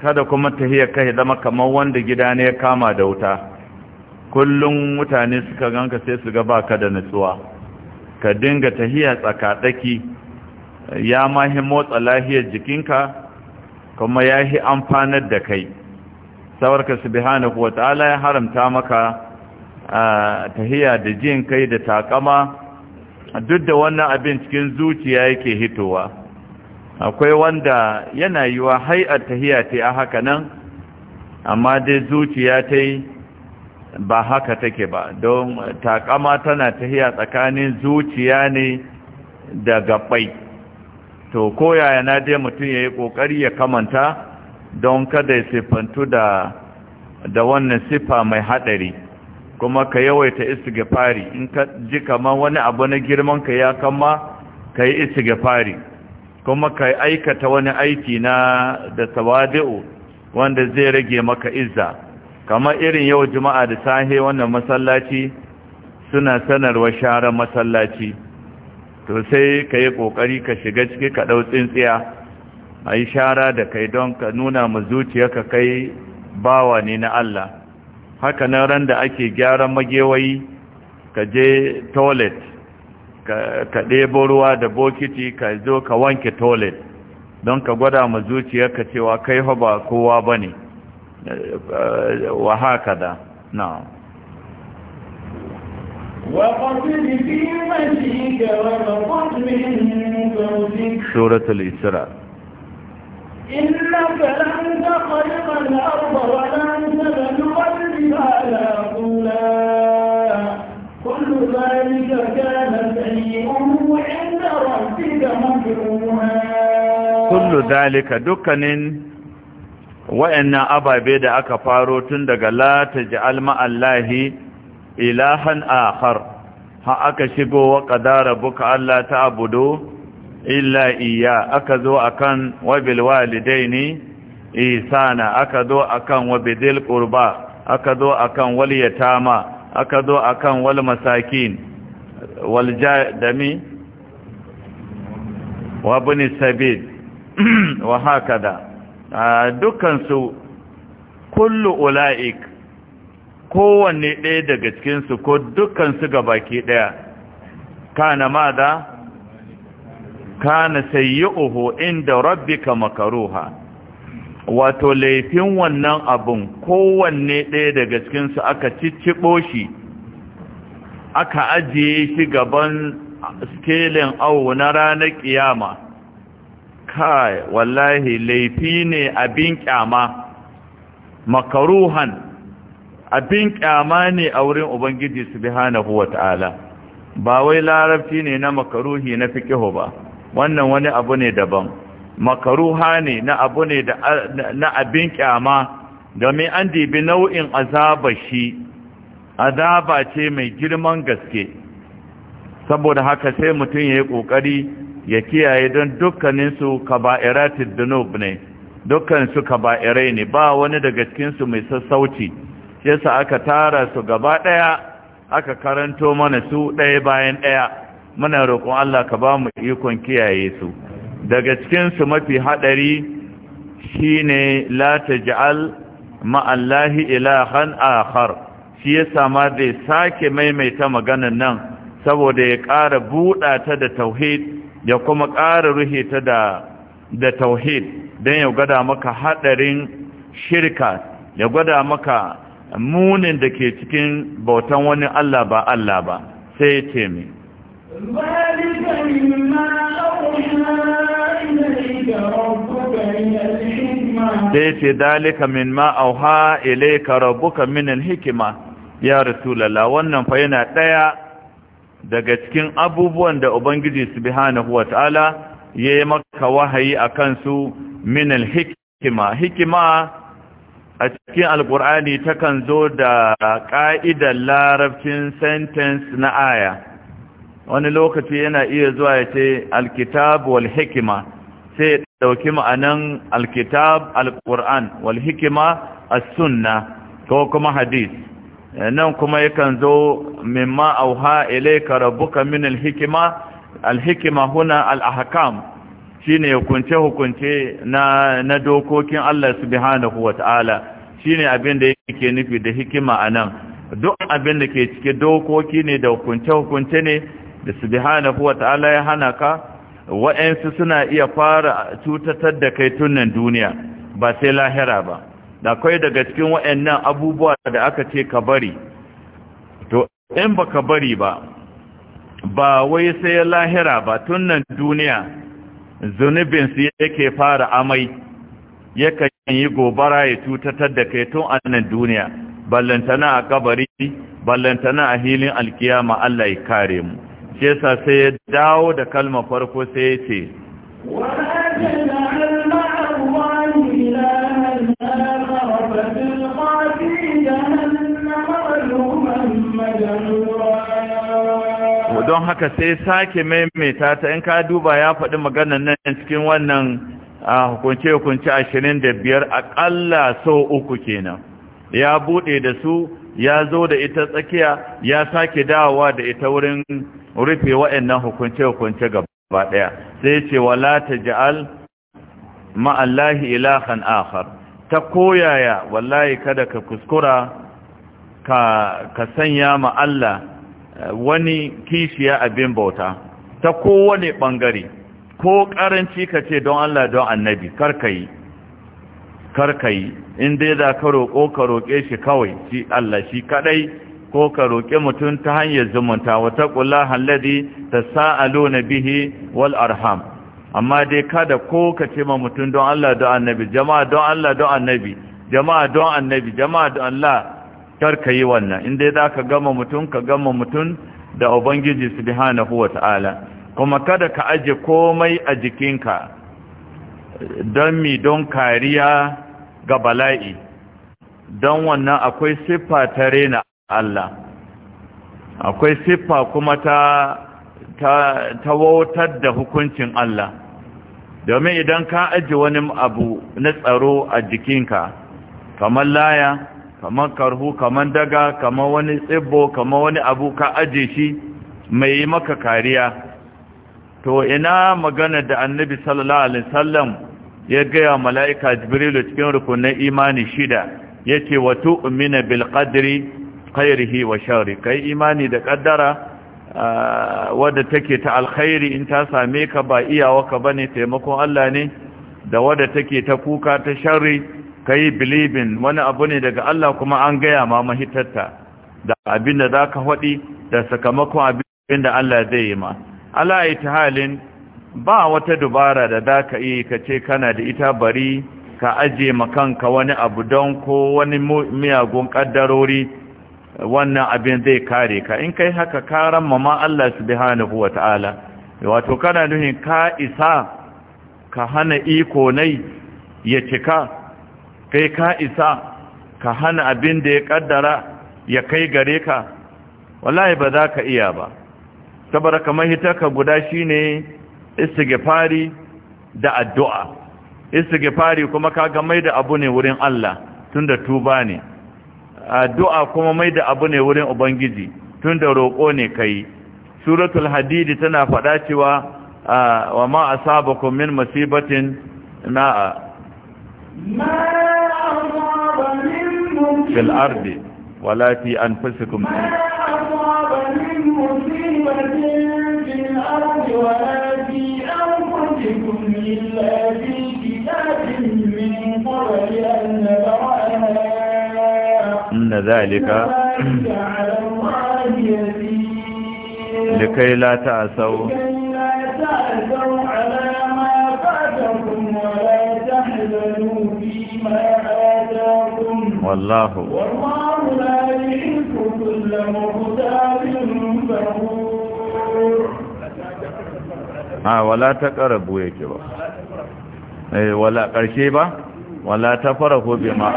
kada kuma tahiyarka ya zama kamar wanda gida ne ya kama da wuta kullum mutane suka ganka sai su ga baka da nutsuwa ka dinga tahiya tsakatsaki ya mahi motsa lahiyar jikinka kuma ya hi amfanar da kai sawarka subhanahu ta'ala ya haramta maka tahiya da jin kai da takama duk da wannan abin cikin zuciya yake hitowa akwai wanda yana yiwa hai'ar tahiya ta a haka nan amma dai zuciya ta yi ba haka take ba don takama tana tahiya tsakanin zuciya ne da gabai to koyaya na dai mutum ya yi ƙoƙari ya kamanta don kada ya siffantu da da wannan siffa mai haɗari kuma ka yawaita istighfari in ka ji kamar wani abu na girman ka ya kama ka yi istighfari kuma ka aikata wani aiki na da tawadi'u wanda zai rage maka izza kamar irin yau juma'a da sahe wannan masallaci suna wa sharar masallaci to sai ka yi ƙoƙari ka shiga ciki ka ɗau tsintsiya a yi shara da kai don ka nuna mu zuciya ka kai bawa ne na Allah haka nan ran da ake gyaran magewayi ka je toilet ka ɗebo ruwa da bokiti ka zo ka wanke toilet don ka gwada mu zuciya ka cewa kai ba kowa ba ne وهكذا نعم وقصد في مشيك ومقص من فوزك سورة الإسراء إنك لن تخلق الأرض ولن تبلغ الجبال طولا كل ذلك كان سيئه عند ربك مكروها كل ذلك دكن waɗannan ababe da aka faro tun daga lata ji'al ma'allahi ilahan akhar ha aka shigo wa ƙadara buka Allah abudu illa iya aka zo akan wabil ne isana aka zo akan wabidil ƙurba aka zo akan wal yatama aka zo akan wal masakin wal jadami wa ibn hakada dukansu kullu ula'ik kowanne ɗaya daga cikinsu ko dukansu ga baki ɗaya kana ma da kana uhu, inda rabbika makaruha wato laifin wannan abun kowanne ɗaya daga cikinsu aka cicciɓo shi aka ajiye shi gaban skelin awo na ranar ƙiyama kai wallahi laifi ne abin kyama makaruhan abin kyama ne a wurin ubangiji subhanahu wata'ala ba wai larabci ne na makaruhi na fikihu ba wannan wani abu ne daban makaruha ne na abu ne na abin kyama domin an dibi nau'in azaba shi azaba ce mai girman gaske saboda haka sai mutum ya yi ƙoƙari ya kiyaye don dukkaninsu kaba'iratid dunub ne su kaba'irai ne ba wani daga cikinsu mai sassauci shi yasa aka tara su gaba ɗaya aka karanto mana su ɗaya bayan ɗaya muna roƙon Allah ka ba mu ikon kiyaye su daga cikinsu mafi haɗari shine la taj'al ila ilahan akhar shi yasa ma zai sake maimaita maganar nan saboda ya ƙara buɗata da tauhid ya kuma ƙara ruhe ta da da tauhid don ya gwada maka haɗarin shirka ya gwada maka munin da ke cikin bautan wani Allah ba Allah ba sai ya ce mai sai ce dalika min ma'auha rabu ka min hikima ya lalla, wannan fa yana ɗaya daga cikin abubuwan da ubangiji subhanahu Ta'ala yayi maka wahayi a su minal hikima. Hikima a cikin alkur'ani takan zo da ƙa'idar larabcin sentence na aya wani lokaci yana iya zuwa ya ce alkitab wal hikma sai dauki ma'anan alkitab alkur'an wal hikma a sunna ko kuma hadith nan kuma yakan zo mimma auha ilayka rabbuka min alhikma alhikma huna alahkam shine hukunce hukunce na na dokokin Allah subhanahu wataala shine abin da yake nufi da hikima anan duk abin da ke cike dokoki ne da hukunce hukunce ne da subhanahu wataala ya hana ka wa'ansu suna iya fara cutatar da kai tunan duniya ba sai lahira ba da kai daga cikin waɗannan abubuwa da aka ce ka bari to in ka bari ba ba wai sai lahira ba tun nan duniya zunubin su yake fara amai yakan yi gobara ya cutatar da kai tun a nan duniya ballantana a kabari ballantana a hilin alkiyama Allah ya kare mu shi sai ya dawo da kalmar farko sai ya ce don haka sai sake maimaita ta in ka duba ya faɗi maganar nan cikin wannan hukunce-hukunce ashirin da biyar aƙalla sau uku kenan ya buɗe da su ya zo da ita tsakiya ya sake dawowa da ita wurin rufe waɗannan hukunce-hukunce gaba ɗaya sai ce wala ta ja'al ma'allahi ilahan akhar ta koyaya wallahi kada ka kuskura ka, ka sanya ma Allah eh, wani kishiya abin bauta ta kowane ɓangare ko ƙaranci ka ce don Allah don annabi karkayi karkayi in dai za ka roƙo ka roƙe shi kawai shi Allah shi kaɗai ko ka roƙe mutum ta hanyar zumunta wata ƙula halladi ta sa'alo na bihi wal arham amma dai kada ko ka ce ma mutum don Allah don annabi jama'a don Allah don annabi jama'a don annabi jama'a don Allah kar ka yi wannan in dai za ka gama mutum ka gama mutum da ubangiji subhanahu wata'ala kuma kada ka aje komai a jikinka don mi don kariya ga bala'i don wannan akwai siffa ta rena Allah akwai siffa kuma ta ta wautar da hukuncin Allah domin idan ka aji wani abu na tsaro a jikinka kamar laya kamar karhu kamar daga kamar wani tsibbo kamar wani abu ka aje shi mai maka kariya to ina magana da annabi sallallahu alaihi wasallam ya gaya mala'ika jibrilu cikin rukunin imani shida yace wa tu'minu bil qadri khairihi wa sharri kai imani da kaddara wadda take ta alkhairi in ta same ka ba iyawarka ba ne taimakon Allah ne da wadda take ta kuka ta shari ka yi bilibin wani abu ne daga Allah kuma an gaya ma mahitarta da abin da za ka faɗi da sakamakon abin da Allah zai yi ma ala ya halin ba wata dubara da za ka yi ka ce kana da ita bari ka aje makanka wani abu don ko wani miyagun ƙaddarori wannan abin zai kare ka in kai haka karan ma Allah subhanahu wa ta'ala wato kana nuhin ka isa ka hana iko nai ya cika kai ka isa ka hana abin da ya kaddara ya kai gare ka wallahi ba za ka iya ba saboda kamar ka guda shine istighfari da addu'a istighfari kuma ka ga mai da abu ne wurin Allah tunda tuba ne addu'a kuma mai da abu ne wurin ubangiji tun da roƙo ne kai suratul hadidi tana faɗa cewa ah, wa ma asabakum min musibatin na ma fil ardi wala fi anfusikum anna zalika likai la ta'asau والله والله لا يحب كل مختال فخور ها ولا تقربوا يكي ba eh wala karshe ba wala ta fara tafarahu bima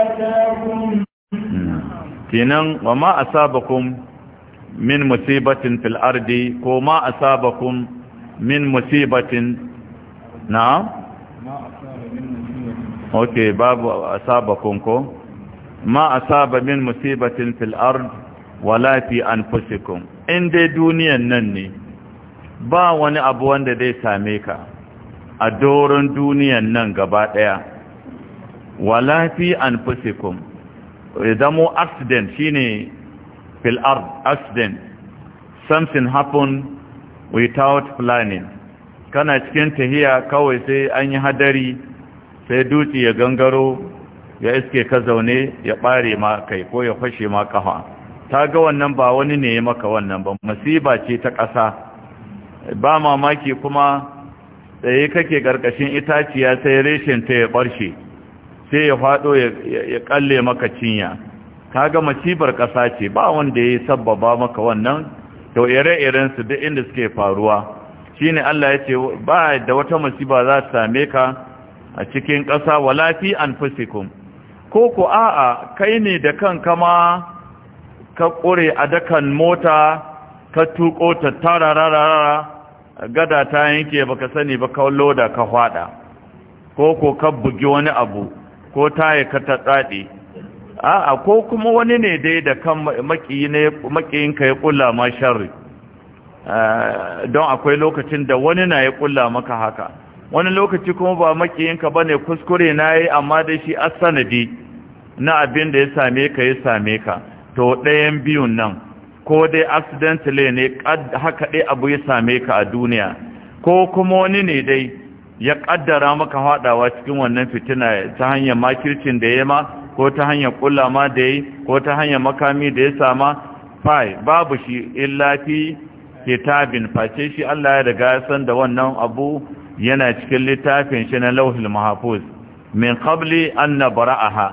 atakum kinan wa ma asabakum min musibatin fil ardi ko ma asabakum min musibatin na ok babu asabakum ko ma asaba min musibatin fil ardi wala fi anfusikum in dai duniyan nan ne ba wani abu wanda zai same ka a doron duniyan nan gaba ɗaya wala fi an anfusikum zamo accident shine fil ard accident something happen without planning kana cikin tahiya kawai sai an yi hadari sai dutse ya gangaro ya iske ka zaune ya bare ma kai ko ya fashe ma kafa ta ga wannan ba wani ne ya maka wannan ba masiba ce ta ƙasa ba mamaki kuma tsaye kake ƙarƙashin itaciya sai reshen ta ya ɓarshe sai ya faɗo ya ƙalle maka cinya ka ga macibar ƙasa ce ba wanda ya yi sabbaba maka wannan to ire-iren su duk inda suke faruwa Shi ne Allah ya ce ba da wata masiba za ta same ka a cikin ƙasa wala fi anfusikum ko ku, a'a kai ne da kan kama ka ƙure a dakan mota ka tuƙo ta tarararara gada ta yanke baka sani ba ka loda ka fada ko ko ka bugi wani abu ko taye ka ta a a'a ko kuma wani ne dai da kan maki ne makiyin ka ya kula ma sharri eh, don akwai lokacin da wani na ya kula maka haka wani lokaci kuma ba makiyin ka bane kuskure na yi amma dai shi asanadi na abin da ya same ka ya same ka to ɗayan biyun nan ko dai accidentally ne haka dai abu ya same ka a duniya ko kuma wani ne dai ya kaddara maka hadawa cikin wannan fitina ta hanyar makircin da ya ma ko ta hanyar kullama da ya ko ta hanyar makami da ya sama fai babu shi illa fi kitabin face shi Allah ya riga ya san da wannan abu yana cikin littafin shi na lauhin mahfuz min qabli an nabra'aha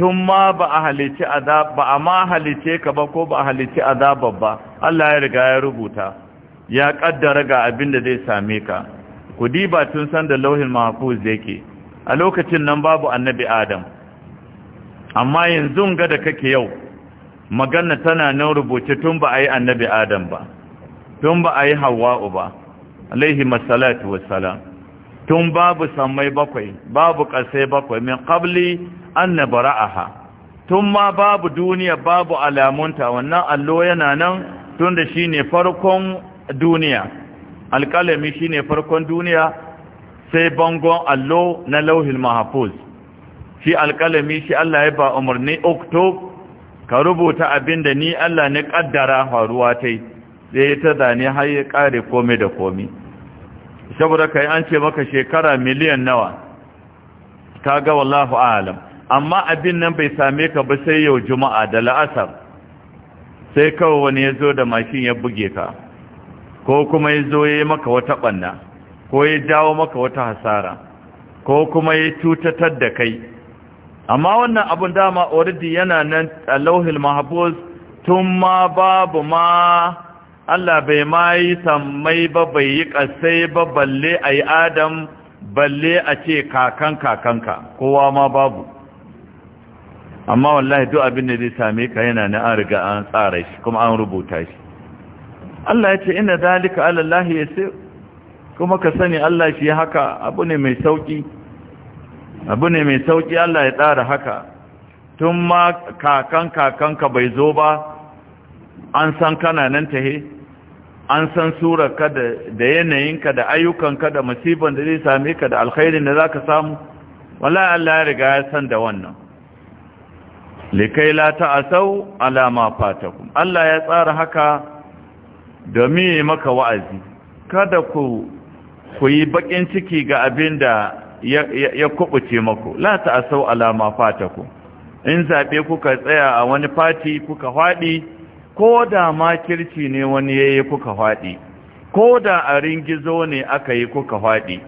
tun ma ba a halici azab ba a ma halice ka ba ko ba a halici azabar ba Allah ya riga ya rubuta ya kaddara ga abin da zai same ka ku diba tun san da lauhin mahfuz yake a lokacin nan babu annabi adam amma yanzu ga da kake yau magana tana nan rubuce tun ba a yi annabi adam ba tun ba a yi hawa'u ba alaihi masalatu wassalam tun babu samai bakwai babu ƙasai bakwai min qabli anna bara'aha tun ma babu duniya babu alamunta wannan allo yana nan tunda shine shi farkon duniya alƙalami shine farkon duniya sai bangon allo na lauhin mahafuz shi alƙalami shi Allah ya ba umarni oktob ka rubuta abin da ni Allah ni kaddara faruwa ta yi sai ta zane har ya kare komai da komai saboda kai an ce maka shekara miliyan nawa ka ga wallahu alam amma abin nan bai same ka ba sai yau juma'a da la'asar sai kawai wani ya zo da mashin ya buge ka ko kuma ya zo ya yi maka wata ɓanna ko ya dawo maka wata hasara ko kuma ya cutatar da kai amma wannan abin dama oridi yana nan a lauhin mahabuz tun ma babu ma Allah bai ma yi sammai ba bai yi ƙasai ba balle a yi adam balle a ce kakan kakanka kowa ma babu amma wallahi duk abin da zai same ka yana na an riga an tsara shi kuma an rubuta shi Allah ya ce ina zalika ala ya kuma ka sani Allah shi haka abu ne mai sauki abu ne mai sauki Allah ya tsara haka tun ma kakan kakan ka bai zo ba an san kana nan tahe an san surarka da yanayinka da ayyukanka da musibar da zai same ka da alkhairin da zaka samu wallahi Allah ya riga ya san da wannan likai la ta'asau ala ma fatakum Allah ya tsara haka domin ya maka wa'azi kada ku ku yi bakin ciki ga abinda da ya kubuce maku la ta'asau ala ma fatakum in zabe kuka tsaya a wani fati kuka fadi ko da ma kirci ne wani yayi kuka fadi ko da a ringizo ne aka yi kuka fadi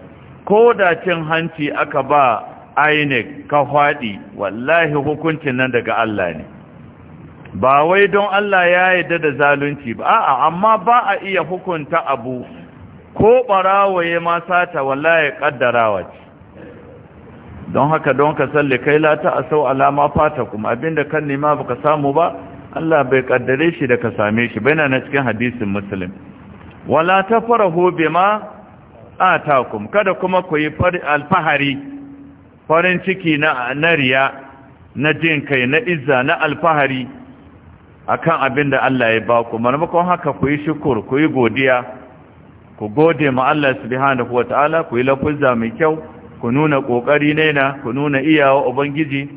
ko da cin hanci aka ba INEC ka faɗi wallahi hukuncin nan daga Allah ne ba wai don Allah ya yarda da zalunci ba a'a amma ba a iya hukunta abu ko barawaye ma sata wallahi kaddarawa ce don haka don ka salle kai la ta asau alama fata kuma abinda kan nema baka samu ba Allah bai kaddare shi da ka same shi bai na cikin hadisin muslim wala tafarahu bima atakum kada kuma ku yi alfahari farin ciki na nariya na jin kai na izza na alfahari akan abin da Allah ya ba ku marmakon haka ku yi shukur ku yi godiya ku gode ma Allah subhanahu wata'ala ku yi lafuzza mai kyau ku nuna kokari ne na ku nuna iyawa ubangiji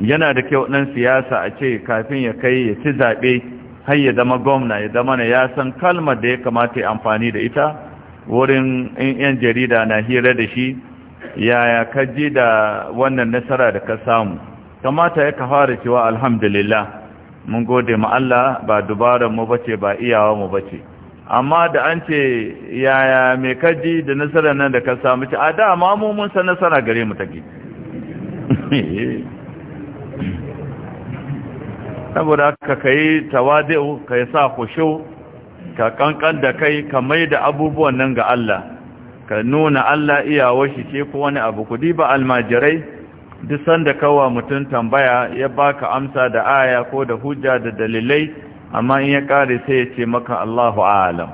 yana da kyau dan siyasa a ce kafin ya kai ya ci zabe har ya zama gwamna ya zama ne ya san kalmar da ya kamata ya amfani da ita wurin in yan jarida na hira da shi yaya ka ji da wannan nasara da ka samu kamata ya ka fara cewa alhamdulillah mun gode ma Allah ba dubaran mu bace ba iyawa mu bace amma da an ce yaya mai ji da nasara nan da ka samu ce a dama mu mun san nasara gare mu take saboda ka kai tawadi'u ka sa khushu ka kankan da kai ka mai da abubuwan nan ga Allah ka nuna Allah iyawa shi ce ko wani abu kudi ba almajirai duk sanda kawa mutum tambaya ya baka amsa da aya ko da hujja da dalilai amma in ya kare sai ya ce maka Allahu alam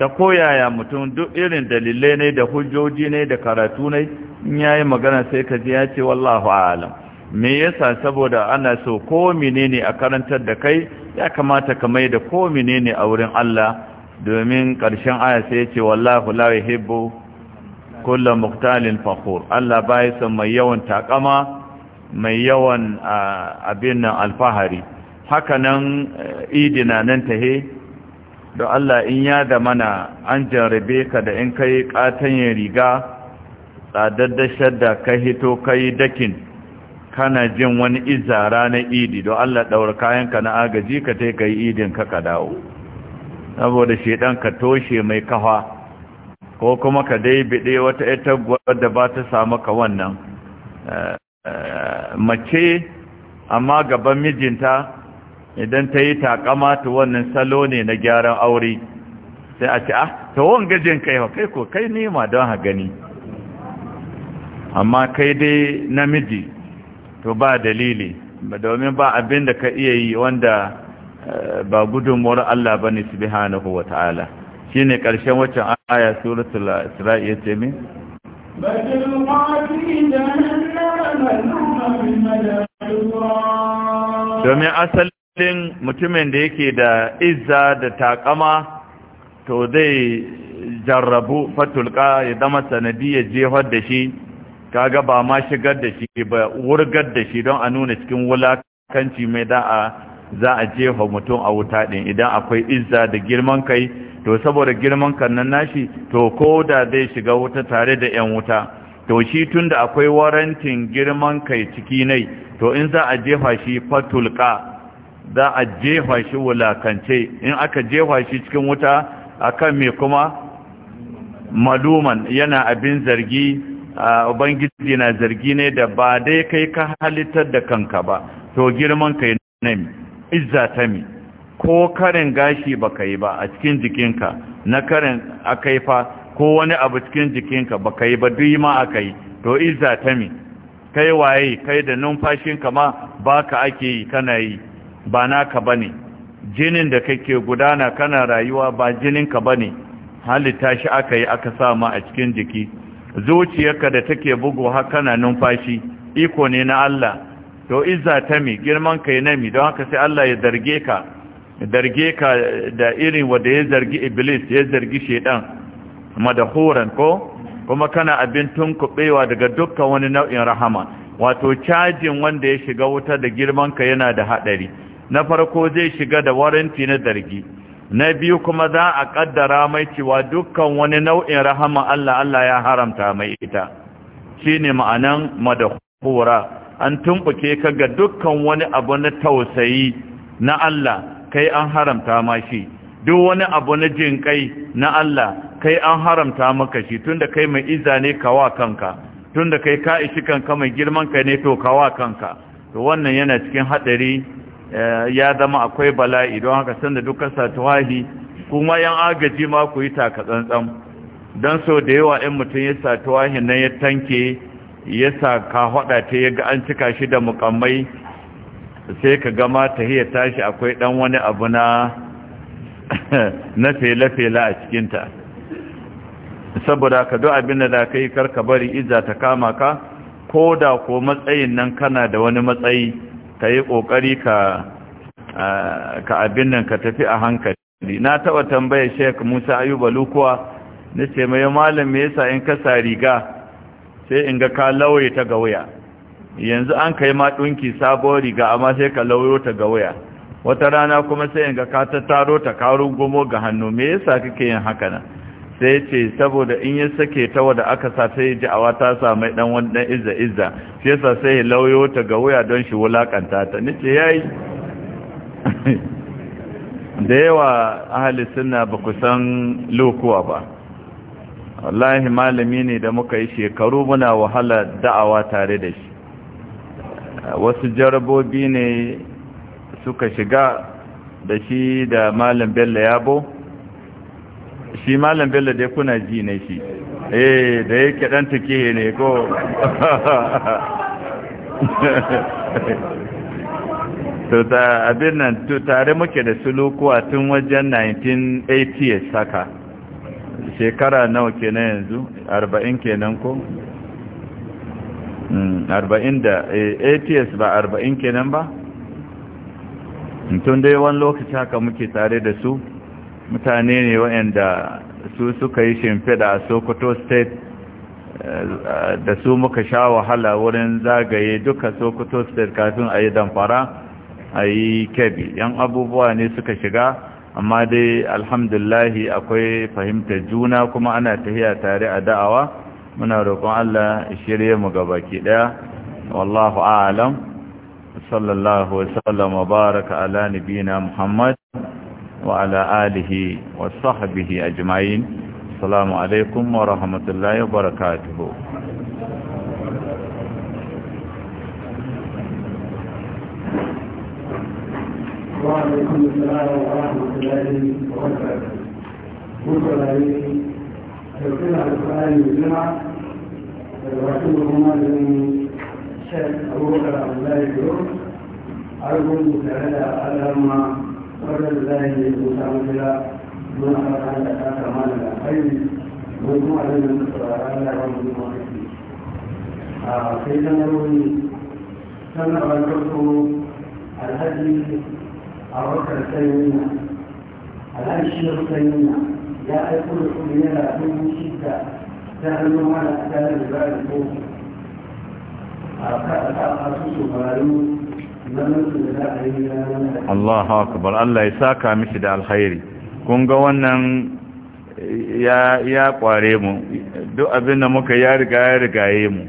ta koyaya mutum duk irin dalilai ne da hujjoji ne da karatu ne in yayi magana sai ka ji ya ce wallahu alam me yasa saboda ana so ko menene a karantar da kai ya kamata ka mai da ko menene a wurin Allah domin ƙarshen aya sai ya ce wallahu la yuhibbu kullu muktalin fakhur Allah bai san mai yawan takama mai yawan abin alfahari haka nan e, idina nan tahe don Allah in ya da mana an jarrabe ka da in kai katan riga tsadaddashar da ka hito kai dakin kana jin wani izara na idi don Allah daura kayanka na agaji ka ka kai idin ka ka dawo saboda shedan ka toshe mai kafa ko kuma ka dai bide wata ita da ba ta samu ka wannan eh, mace amma gaban mijinta idan ta yi takama ta wannan salo ne na gyaran aure sai a ce ah ta gajin kai kai ko kai nema don ha gani amma kai dai namiji to ba dalili domin ba abin da ka iya yi wanda ba gudunmuwar Allah ba ne subhanahu wa ta'ala shi ne ƙarshen waccan aya suratul isra'i ya ce min domin asalin mutumin da yake da izza da takama to zai jarrabu fatulka ya zama ya jefar da shi kaga ba ma shigar da shi ba wurgar da shi don a nuna cikin wulakanci mai da'a za a jefa mutum a wuta ɗin idan akwai izza da girman kai to saboda girman kan nan nashi to ko da zai shiga wuta tare da 'yan wuta to shi tun da akwai warantin girman kai ciki nai to in za a jefa shi fatulka za a jefa shi wulakance in aka jefa shi cikin wuta akan me kuma maluman yana abin zargi ubangiji na zargi ne da ba dai kai ka halittar da kanka ba to girman kai ne izza ta ko karin gashi baka yi ba a cikin jikinka na karin akai fa ko wani abu cikin jikinka baka yi ba duyi ma akai to izza ta kai waye kai da numfashinka ma baka ake yi kana yi ba naka bane jinin da kake gudana kana rayuwa ba jininka bane halitta shi aka yi aka sa ma a cikin jiki zuciyarka da take bugu har kana numfashi iko ne na Allah to izza ta mi girman ka yi nami don haka sai Allah ya zarge ka zarge ka da irin wanda ya zargi iblis ya zargi shedan madahuran ko kuma kana abin tunkubewa daga dukkan wani nau'in rahama wato cajin wanda ya shiga wuta da girman ka yana da hadari na farko zai shiga da waranti na zargi na biyu kuma za a kaddara mai cewa dukkan wani nau'in rahama Allah Allah ya haramta mai ita shine ma'anan madahura an tumbuke ka ga dukkan wani abu na tausayi na Allah kai an haramta ma duk wani abu na jin na Allah kai an haramta maka shi tunda kai mai iza ne kawa kanka tunda kai ka ishi kanka mai girman ka ne to kawa kanka to wannan yana cikin hadari eh, ya zama akwai bala'i don haka sanda dukkan satuwahi kuma yan agaji ma ku yi taka tsantsan don sau da yawa in mutum ya satuwahi nan ya tanke Yasa ka hada ta ya ga an cika shi da mukammai sai ka gama ta hiya tashi akwai dan wani abu na na fela-fela a cikin cikinta saboda ka duk abin da za ka yi karka bari iza ta kama ka ko da ko matsayin nan kana da wani matsayi ka yi ƙoƙari ka ka abin nan ka tafi a hankali na taba tambaya sheik musa ayuba lukuwa na ce mai malam me yasa in kasa riga sai in ga ka lauye ta ga wuya yanzu an kai ma ɗunki sabon riga amma sai ka lauyo ta ga wuya wata rana kuma sai in ga ka taro ta karun gomo ga hannu me yasa kake yin haka nan sai ce saboda in ya sake ta wada aka sa sai ji awa ta mai dan wani dan izza izza shi yasa sai ya lauyo ta ga wuya don shi wulakanta ta nace yayi da yawa ahli sunna ba ku san lokuwa ba wallahi malami ne da muka yi shekaru muna wahala da'awa tare da shi wasu jarabobi ne suka shiga da shi da malam bello yabo shi malam bello dai kuna ji ne shi eh da yake dan take ne ko to ta abin nan tare muke da sulukuwa tun wajen 1980 saka shekara nawa kenan yanzu arba'in kenan ko hmm, arba'in da eh, ats ba arba'in kenan ba tun dai wani lokaci haka muke tare da su mutane ne waɗanda su suka yi shimfiɗa a sokoto state eh, da su muka sha wahala wurin zagaye duka sokoto state kafin a yi damfara a yi kebi yan abubuwa ne suka shiga amma dai alhamdulahi akwai fahimtar juna kuma ana tahiya tare a da'awa muna roƙon Allah shirye mu gabaki daya wallahu a'lam sallallahu wa sallam wa baraka ala nabina muhammad wa ala alihi wa sahbihi ajma'in assalamu alaikum wa rahmatullahi wa barakatuh وعليكم السلام ورحمة الله وبركاته بكرة على القرآن الجمعة رسولهما من الشيخ أبو بكر عبد الله الجروح أرجو تعالى على ما قدر الله متعمدا من أخذ على أعمال الخير وجمع لنا النصر على رب المعرفين آه، سيدنا النووي سمع الرسول الهدي A abubakar sanina al'ashiyar na, ya aiko da kuma naira dubu da ta hannun wani a tare da za a ka a kasu saurari Allahu akbar Allah ya saka mishi da alkhairi kun ga wannan ya ya kware mu duk abinda muka ya riga ya rigaye mu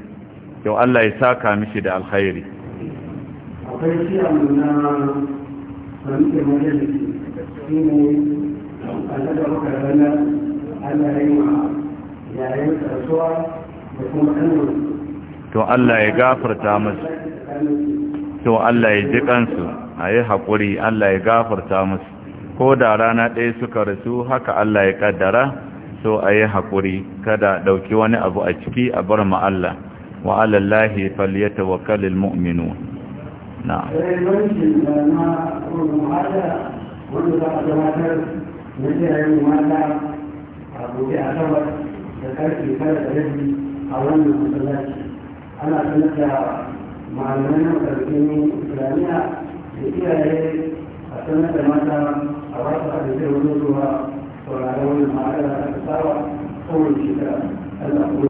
to Allah ya saka mishi da alkhairi akwai shi amma فمثل مجلس شيني أتدعو كرنا ألا يمع لا يمسع سوى يكون أنه to Allah ya gafarta musu to Allah ya ji kansu a yi haƙuri Allah ya gafarta musu ko da rana ɗaya suka rasu haka Allah ya ƙaddara so a yi haƙuri kada ɗauki wani abu a ciki a bar ma Allah wa alallahi falyatawakkalul mu'minun na wanda za a gabatar na jirayen a gobe a sabar da karfe tara da a wannan masallaci ana sanar da malamai na islamiyya da iyaye a sanar a ba su hadisai wani zuwa sauraron wani ma'adara